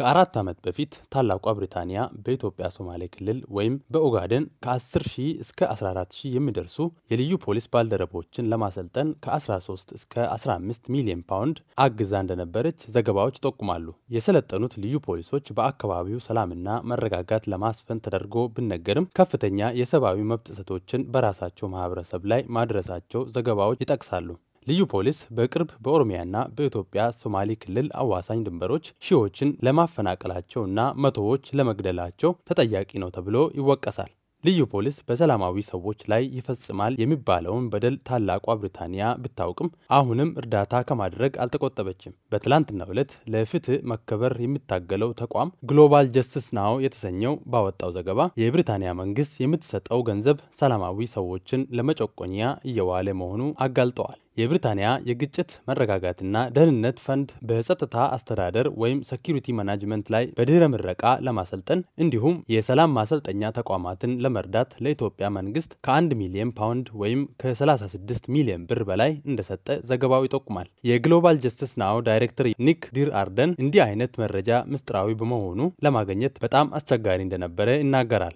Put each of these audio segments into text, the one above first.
ከአራት ዓመት በፊት ታላቋ ብሪታንያ በኢትዮጵያ ሶማሌ ክልል ወይም በኦጋዴን ከ10 ሺህ እስከ 14 ሺህ የሚደርሱ የልዩ ፖሊስ ባልደረቦችን ለማሰልጠን ከ13 እስከ 15 ሚሊዮን ፓውንድ አግዛ እንደነበረች ዘገባዎች ይጠቁማሉ። የሰለጠኑት ልዩ ፖሊሶች በአካባቢው ሰላምና መረጋጋት ለማስፈን ተደርጎ ቢነገርም ከፍተኛ የሰብአዊ መብት ጥሰቶችን በራሳቸው ማህበረሰብ ላይ ማድረሳቸው ዘገባዎች ይጠቅሳሉ። ልዩ ፖሊስ በቅርብ በኦሮሚያና በኢትዮጵያ ሶማሌ ክልል አዋሳኝ ድንበሮች ሺዎችን ለማፈናቀላቸውና መቶዎች ለመግደላቸው ተጠያቂ ነው ተብሎ ይወቀሳል። ልዩ ፖሊስ በሰላማዊ ሰዎች ላይ ይፈጽማል የሚባለውን በደል ታላቋ ብሪታንያ ብታውቅም አሁንም እርዳታ ከማድረግ አልተቆጠበችም። በትላንትናው ዕለት ለፍትህ መከበር የሚታገለው ተቋም ግሎባል ጀስቲስ ናው የተሰኘው ባወጣው ዘገባ የብሪታንያ መንግስት የምትሰጠው ገንዘብ ሰላማዊ ሰዎችን ለመጨቆኛ እየዋለ መሆኑ አጋልጠዋል። የብሪታንያ የግጭት መረጋጋትና ደህንነት ፈንድ በጸጥታ አስተዳደር ወይም ሴኪሪቲ ማናጅመንት ላይ በድህረ ምረቃ ለማሰልጠን እንዲሁም የሰላም ማሰልጠኛ ተቋማትን ለመርዳት ለኢትዮጵያ መንግስት ከ1 ሚሊዮን ፓውንድ ወይም ከ36 ሚሊዮን ብር በላይ እንደሰጠ ዘገባው ይጠቁማል። የግሎባል ጀስቲስ ናው ዳይሬክተር ኒክ ዲር አርደን እንዲህ አይነት መረጃ ምስጢራዊ በመሆኑ ለማግኘት በጣም አስቸጋሪ እንደነበረ ይናገራል።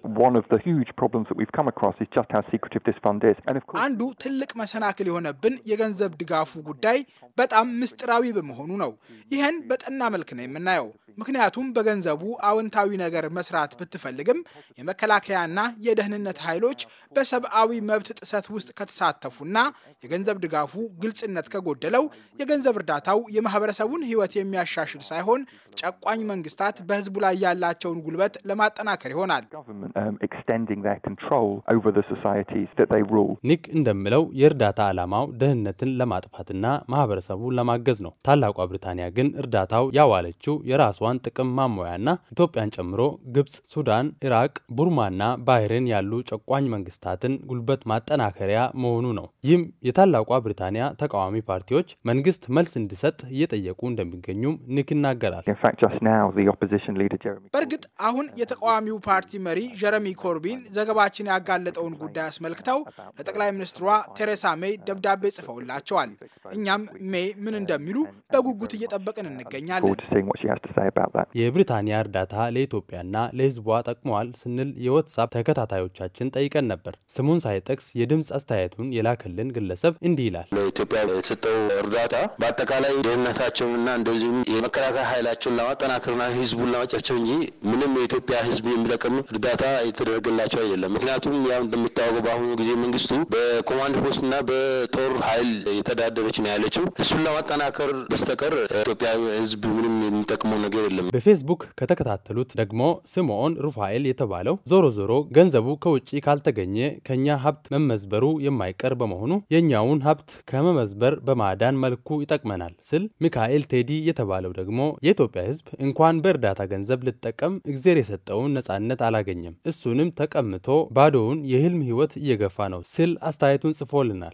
አንዱ ትልቅ መሰናክል የሆነብን የገንዘብ ድጋፉ ጉዳይ በጣም ምስጢራዊ በመሆኑ ነው። ይህን በጠና መልክ ነው የምናየው። ምክንያቱም በገንዘቡ አዎንታዊ ነገር መስራት ብትፈልግም የመከላከያና የደህንነት ኃይሎች በሰብአዊ መብት ጥሰት ውስጥ ከተሳተፉና የገንዘብ ድጋፉ ግልጽነት ከጎደለው የገንዘብ እርዳታው የማህበረሰቡን ሕይወት የሚያሻሽል ሳይሆን ጨቋኝ መንግስታት በህዝቡ ላይ ያላቸውን ጉልበት ለማጠናከር ይሆናል። um, ኒክ እንደሚለው የእርዳታ ዓላማው ደህንነትን ለማጥፋትና ማህበረሰቡን ለማገዝ ነው። ታላቋ ብሪታንያ ግን እርዳታው ያዋለችው የራሷን ጥቅም ማሞያና ኢትዮጵያን ጨምሮ ግብጽ፣ ሱዳን፣ ኢራቅ፣ ቡርማና ባህሬን ያሉ ጨቋኝ መንግስታትን ጉልበት ማጠናከሪያ መሆኑ ነው። ይህም የታላቋ ብሪታንያ ተቃዋሚ ፓርቲዎች መንግስት መልስ እንዲሰጥ እየጠየቁ እንደሚገኙም ኒክ ይናገራል። በእርግጥ አሁን የተቃዋሚው ፓርቲ መሪ ጀረሚ ኮርቢን ዘገባችን ያጋለጠውን ጉዳይ አስመልክተው ለጠቅላይ ሚኒስትሯ ቴሬሳ ሜይ ደብዳቤ ጽፈውላቸዋል። እኛም ሜይ ምን እንደሚሉ በጉጉት እየጠበቅን እንገኛለን። የብሪታንያ እርዳታ ለኢትዮጵያና ለሕዝቧ ጠቅመዋል ስንል የወትሳፕ ተከታታዮቻችን ጠይቀን ነበር። ስሙን ሳይጠቅስ የድምፅ አስተያየቱን የላክልን ግለሰብ እንዲህ ይላል። ለኢትዮጵያ የሰጠው እርዳታ በአጠቃላይ ደህንነታቸውንና እንደዚሁም የመከላከያ ኃይላቸውን ለማጠናከርና ህዝቡን ለማጨብጨብ እንጂ ምንም የኢትዮጵያ ህዝብ የሚጠቅም እርዳታ የተደረገላቸው አይደለም። ምክንያቱም ያው እንደሚታወቀው በአሁኑ ጊዜ መንግስቱ በኮማንድ ፖስትና በጦር ኃይል የተዳደረች ነው ያለችው። እሱን ለማጠናከር በስተቀር ኢትዮጵያ ህዝብ ምንም የሚጠቅመው ነገር የለም። በፌስቡክ ከተከታተሉት ደግሞ ስምዖን ሩፋኤል የተባለው ዞሮ ዞሮ ገንዘቡ ከውጭ ካልተገኘ ከኛ ሀብት መመዝበሩ የማይቀር በመሆኑ የእኛውን ሀብት ከመመዝበር በማዳን መልኩ ይጠቅመናል ስል ሚካኤል ቴዲ የተባለው ደግሞ የኢትዮጵያ ህዝብ እንኳን በእርዳታ ገንዘብ ልጠቀም እግዜር የሰጠውን ነጻነት አላገኘም። እሱንም ተቀምቶ ባዶውን የህልም ህይወት እየገፋ ነው ሲል አስተያየቱን ጽፎልናል።